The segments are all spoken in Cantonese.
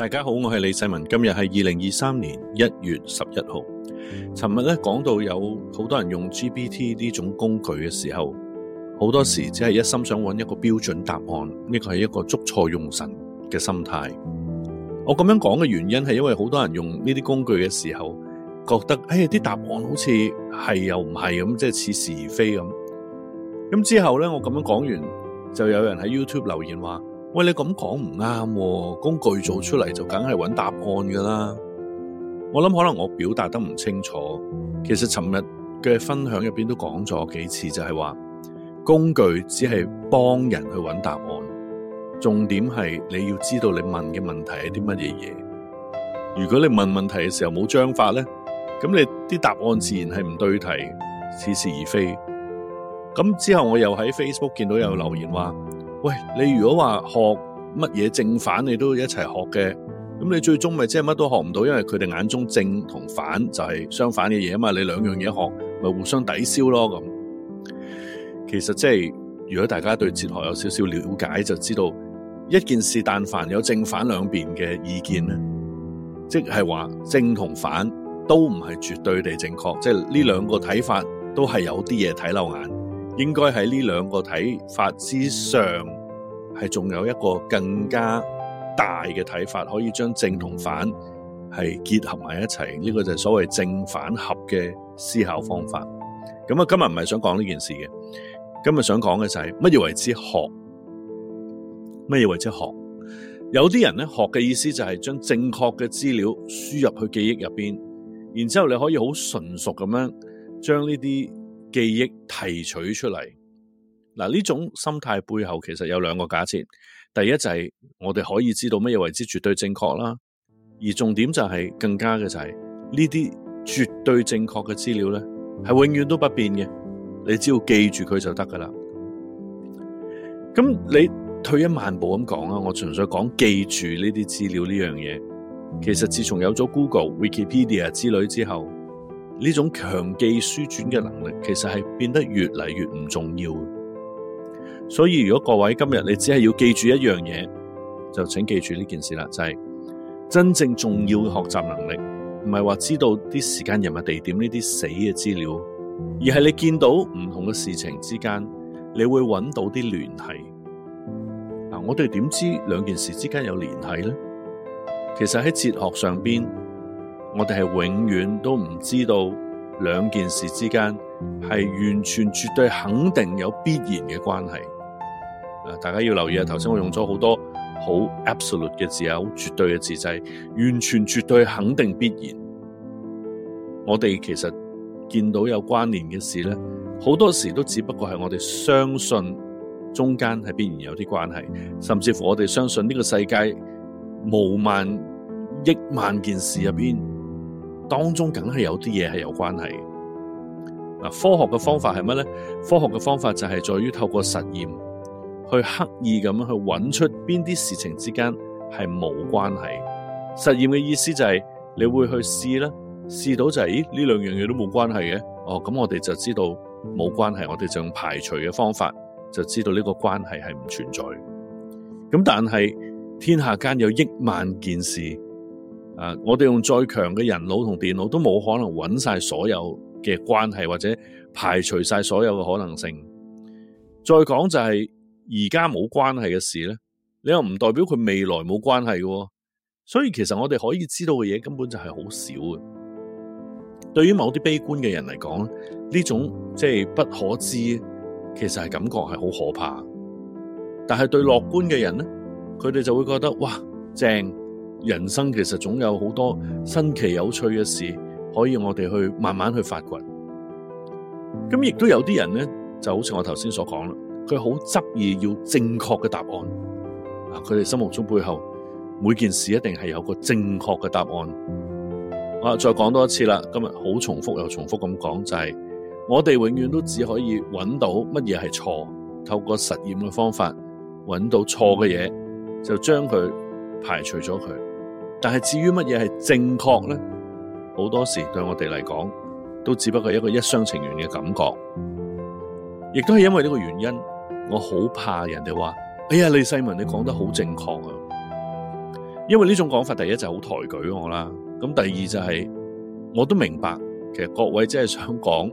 大家好，我係李世民。今日係二零二三年一月十一號。尋日咧講到有好多人用 GPT 呢種工具嘅時候，好多時只係一心想揾一個標準答案，呢個係一個捉錯用神嘅心態。我咁樣講嘅原因係因為好多人用呢啲工具嘅時候，覺得誒啲，哎、答案好似係又唔係咁，即係似是而非咁。咁之後咧，我咁樣講完，就有人喺 YouTube 留言話。喂，你咁講唔啱喎，工具做出嚟，就梗係揾答案噶啦。我諗可能我表達得唔清楚，其實尋日嘅分享入邊都講咗幾次就，就係話工具只係幫人去揾答案，重點係你要知道你問嘅問題係啲乜嘢嘢。如果你問問題嘅時候冇章法咧，咁你啲答案自然係唔對題，似是而非。咁之後我又喺 Facebook 見到有留言話。喂，你如果話學乜嘢正反，你都一齊學嘅，咁你最終咪即係乜都學唔到，因為佢哋眼中正同反就係相反嘅嘢啊嘛，你兩樣嘢學咪互相抵消咯咁。其實即係如果大家對哲學有少少了解，就知道一件事，但凡有正反兩邊嘅意見咧，即係話正同反都唔係絕對地正確，即係呢兩個睇法都係有啲嘢睇漏眼。應該喺呢兩個睇法之上，係仲有一個更加大嘅睇法，可以將正同反係結合埋一齊。呢個就係所謂正反合嘅思考方法。咁啊，今日唔係想講呢件事嘅，今日想講嘅就係乜嘢為之學？乜嘢為之學？有啲人咧學嘅意思就係將正確嘅資料輸入去記憶入邊，然之後你可以好純熟咁樣將呢啲。記憶提取出嚟。嗱，呢種心態背後其實有兩個假設，第一就係我哋可以知道乜嘢為之絕對正確啦，而重點就係更加嘅就係呢啲絕對正確嘅資料咧係永遠都不變嘅，你只要記住佢就得噶啦。咁你退一萬步咁講啊，我純粹講記住呢啲資料呢樣嘢，其實自從有咗 Google、Wikipedia 之類之後。呢種強記書轉嘅能力，其實係變得越嚟越唔重要。所以如果各位今日你只係要記住一樣嘢，就請記住呢件事啦，就係真正重要嘅學習能力，唔係話知道啲時間、人物、地點呢啲死嘅資料，而係你見到唔同嘅事情之間，你會揾到啲聯繫。嗱，我哋點知兩件事之間有聯繫咧？其實喺哲學上邊。我哋係永遠都唔知道兩件事之間係完全絕對肯定有必然嘅關係。啊，大家要留意啊！頭先我用咗好多好 absolute 嘅字啊，好絕對嘅字，即係完全絕對肯定必然。我哋其實見到有關聯嘅事咧，好多時都只不過係我哋相信中間係必然有啲關係，甚至乎我哋相信呢個世界無萬億萬件事入邊。當中梗係有啲嘢係有關係嘅。嗱，科學嘅方法係乜咧？科學嘅方法就係在於透過實驗，去刻意咁樣去揾出邊啲事情之間係冇關係。實驗嘅意思就係，你會去試啦，試到就係，咦，呢兩樣嘢都冇關係嘅。哦，咁我哋就知道冇關係，我哋就用排除嘅方法就知道呢個關係係唔存在。咁但係天下間有億萬件事。誒，我哋用再強嘅人腦同電腦都冇可能揾晒所有嘅關係，或者排除晒所有嘅可能性。再講就係而家冇關係嘅事咧，你又唔代表佢未來冇關係嘅。所以其實我哋可以知道嘅嘢根本就係好少嘅。對於某啲悲觀嘅人嚟講，呢種即係不可知，其實係感覺係好可怕。但係對樂觀嘅人咧，佢哋就會覺得，哇，正。人生其實總有好多新奇有趣嘅事，可以我哋去慢慢去發掘。咁亦都有啲人咧，就好似我頭先所講啦，佢好執意要正確嘅答案。佢哋心目中背後每件事一定係有個正確嘅答案。我再講多一次啦，今日好重複又重複咁講，就係我哋永遠都只可以揾到乜嘢係錯，透過實驗嘅方法揾到錯嘅嘢，就將佢排除咗佢。但係至於乜嘢係正確咧，好多時對我哋嚟講，都只不過一個一廂情願嘅感覺，亦都係因為呢個原因，我好怕人哋話：哎呀，李世民，你講得好正確啊！因為呢種講法，第一就好抬舉我啦，咁第二就係、是、我都明白，其實各位真係想講，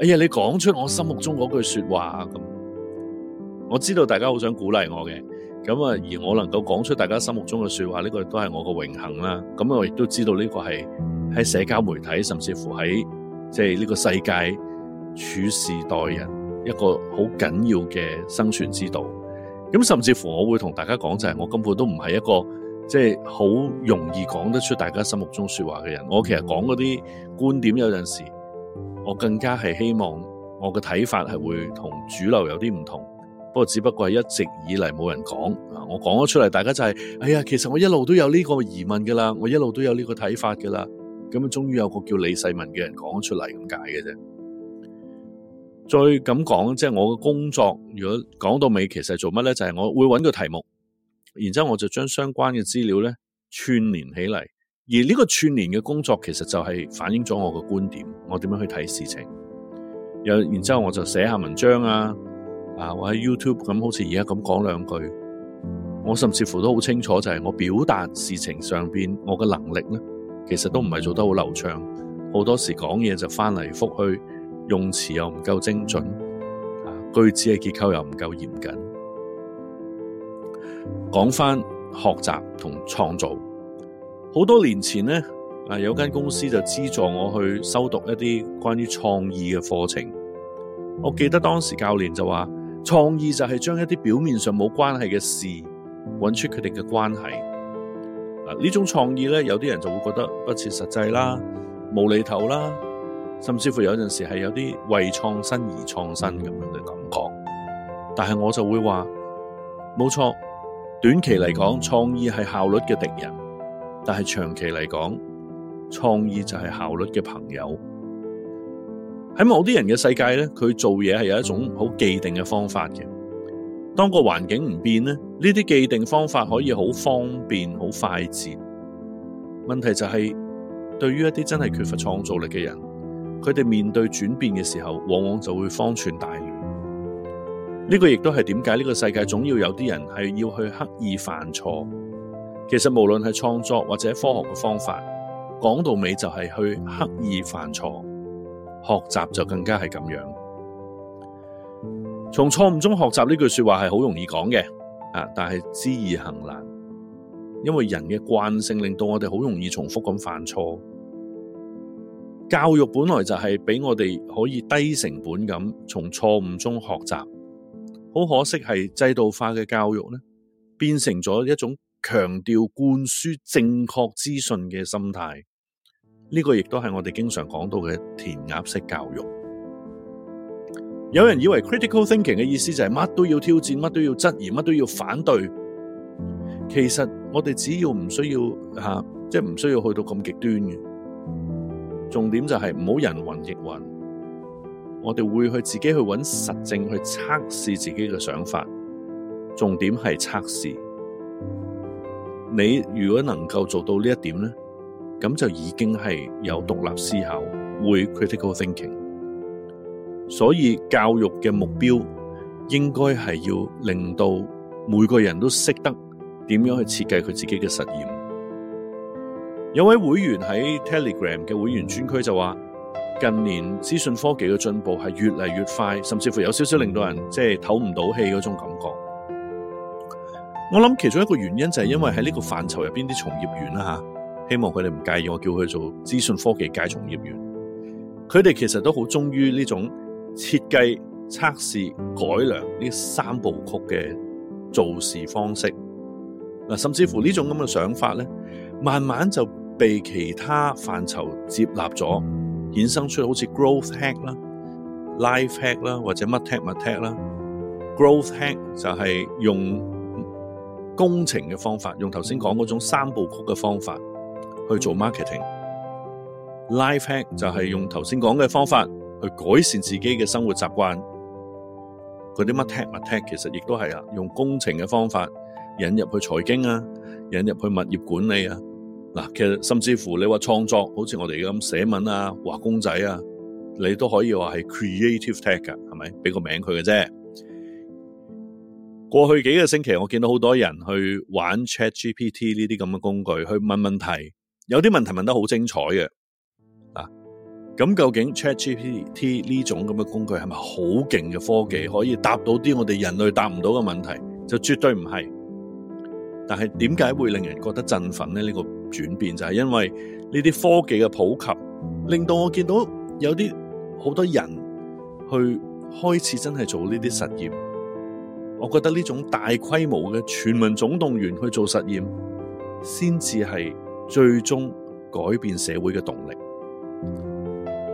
哎呀，你講出我心目中嗰句說話咁，我知道大家好想鼓勵我嘅。咁啊，而我能夠講出大家心目中嘅說話，呢個都係我嘅榮幸啦。咁我亦都知道呢個係喺社交媒體，甚至乎喺即係呢個世界處事待人一個好緊要嘅生存之道。咁、嗯、甚至乎我會同大家講就係，我根本都唔係一個即係好容易講得出大家心目中說話嘅人。我其實講嗰啲觀點有，有陣時我更加係希望我嘅睇法係會同主流有啲唔同。不過只不過係一直以嚟冇人講啊，我講咗出嚟，大家就係、是，哎呀，其實我一路都有呢個疑問噶啦，我一路都有呢個睇法噶啦，咁樣終於有個叫李世民嘅人講咗出嚟咁解嘅啫。再咁講，即、就、係、是、我嘅工作，如果講到尾，其實做乜咧，就係、是、我會揾個題目，然之後我就將相關嘅資料咧串連起嚟，而呢個串連嘅工作，其實就係反映咗我嘅觀點，我點樣去睇事情，有，然之後我就寫下文章啊。啊！我喺 YouTube 咁，好似而家咁講兩句，我甚至乎都好清楚，就係我表達事情上邊我嘅能力咧，其實都唔係做得好流暢，好多時講嘢就翻嚟覆去，用詞又唔夠精準，句子嘅結構又唔夠嚴謹。講翻學習同創造，好多年前呢，啊有間公司就資助我去修讀一啲關於創意嘅課程，我記得當時教練就話。創意就係將一啲表面上冇關係嘅事，揾出佢哋嘅關係。嗱，呢種創意咧，有啲人就會覺得不切實際啦，無厘頭啦，甚至乎有陣時係有啲為創新而創新咁樣嘅感覺。但係我就會話，冇錯，短期嚟講，創意係效率嘅敵人；但係長期嚟講，創意就係效率嘅朋友。喺某啲人嘅世界咧，佢做嘢係有一種好既定嘅方法嘅。當個環境唔變咧，呢啲既定方法可以好方便、好快捷。問題就係，對於一啲真係缺乏創造力嘅人，佢哋面對轉變嘅時候，往往就會方寸大亂。呢個亦都係點解呢個世界總要有啲人係要去刻意犯錯。其實無論係創作或者科學嘅方法，講到尾就係去刻意犯錯。學習就更加係咁樣，從錯誤中學習呢句說話係好容易講嘅，啊，但係知易行難，因為人嘅慣性令到我哋好容易重複咁犯錯。教育本來就係俾我哋可以低成本咁從錯誤中學習，好可惜係制度化嘅教育呢，變成咗一種強調灌輸正確資訊嘅心態。呢個亦都係我哋經常講到嘅填鴨式教育。有人以為 critical thinking 嘅意思就係乜都要挑戰，乜都要質疑，乜都要反對。其實我哋只要唔需要吓，即係唔需要去到咁極端嘅。重點就係唔好人云亦云。我哋會去自己去揾實證去測試自己嘅想法。重點係測試。你如果能夠做到呢一點咧？咁就已經係有獨立思考，會 critical thinking。所以教育嘅目標應該係要令到每個人都識得點樣去設計佢自己嘅實驗。有位會員喺 Telegram 嘅會員專區就話：近年資訊科技嘅進步係越嚟越快，甚至乎有少少令到人即係唞唔到氣嗰種感覺。我諗其中一個原因就係因為喺呢個範疇入邊啲從業員啦嚇。希望佢哋唔介意，我叫佢做資訊科技界從業員。佢哋其實都好忠於呢種設計、測試、改良呢三部曲嘅做事方式。嗱，甚至乎呢種咁嘅想法咧，慢慢就被其他範疇接納咗，衍生出好似 growth hack 啦、life hack 啦，或者乜 hack 乜 hack 啦。growth hack 就係用工程嘅方法，用頭先講嗰種三部曲嘅方法，去做 marketing，life hack 就係用頭先講嘅方法去改善自己嘅生活習慣，嗰啲乜 tech 乜 tech 其實亦都係啊，用工程嘅方法引入去財經啊，引入去物業管理啊，嗱，其實甚至乎你話創作，好似我哋咁寫文啊、畫公仔啊，你都可以話係 creative tech 噶，係咪？畀個名佢嘅啫。過去幾個星期，我見到好多人去玩 ChatGPT 呢啲咁嘅工具，去問問題。有啲問題問得好精彩嘅，啊，咁究竟 ChatGPT 呢種咁嘅工具係咪好勁嘅科技，可以答到啲我哋人類答唔到嘅問題？就絕對唔係。但係點解會令人覺得振奮咧？呢個轉變就係因為呢啲科技嘅普及，令到我見到有啲好多人去開始真係做呢啲實驗。我覺得呢種大規模嘅全民總動員去做實驗，先至係。最終改變社會嘅動力，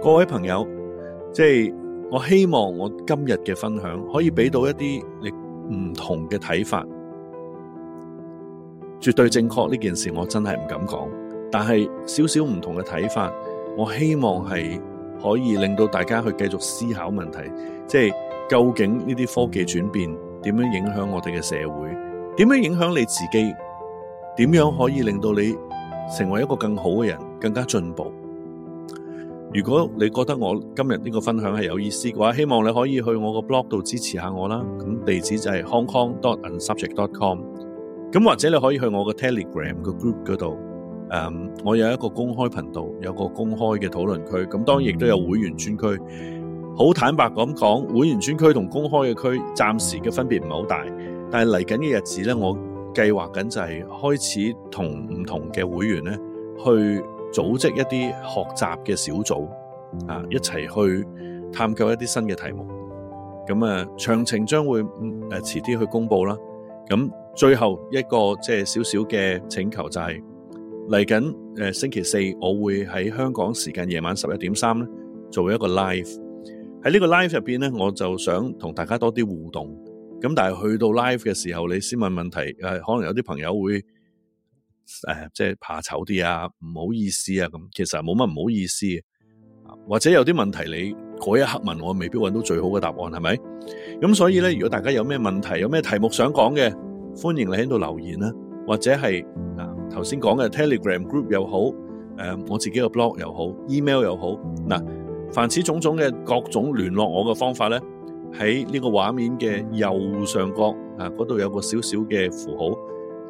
各位朋友，即係我希望我今日嘅分享可以俾到一啲你唔同嘅睇法，絕對正確呢件事我真係唔敢講，但係少少唔同嘅睇法，我希望係可以令到大家去繼續思考問題，即係究竟呢啲科技轉變點樣影響我哋嘅社會，點樣影響你自己，點樣可以令到你。成為一個更好嘅人，更加進步。如果你覺得我今日呢個分享係有意思嘅話，希望你可以去我個 blog 度支持下我啦。咁地址就係 hongkong.dot.subject.dot.com。咁或者你可以去我個 telegram 個 group 嗰度。誒、um，我有一個公開頻道，有個公開嘅討論區。咁當然亦都有會員專區。好坦白咁講，會員專區同公開嘅區，暫時嘅分別唔係好大。但係嚟緊嘅日子咧，我。計劃緊就係開始同唔同嘅會員咧，去組織一啲學習嘅小組啊，一齊去探究一啲新嘅題目。咁啊，詳情將會誒、呃、遲啲去公布啦。咁最後一個即係少少嘅請求就係嚟緊誒星期四，我會喺香港時間夜晚十一點三咧，做一個 live。喺呢個 live 入邊咧，我就想同大家多啲互動。咁但係去到 live 嘅時候，你先問問題，誒，可能有啲朋友會誒，即係怕醜啲啊，唔好意思啊，咁其實冇乜唔好意思嘅，或者有啲問題你嗰一刻問我，未必揾到最好嘅答案，係咪？咁所以咧，如果大家有咩問題，有咩題目想講嘅，歡迎你喺度留言啦，或者係嗱、啊、頭先講嘅 Telegram group 又好，誒、啊，我自己個 blog 又好，email 又好，嗱、啊，凡此種種嘅各種聯絡我嘅方法咧。喺呢個畫面嘅右上角啊，嗰度有個小小嘅符號，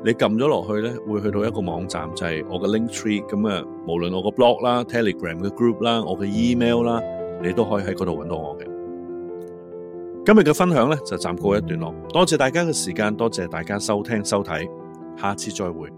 你撳咗落去咧，會去到一個網站，就係、是、我嘅 link tree。咁啊，無論我個 blog 啦、Telegram 嘅 group 啦、我嘅 email 啦，你都可以喺嗰度搵到我嘅。今日嘅分享咧就暫告一段落，多謝大家嘅時間，多謝大家收聽收睇，下次再會。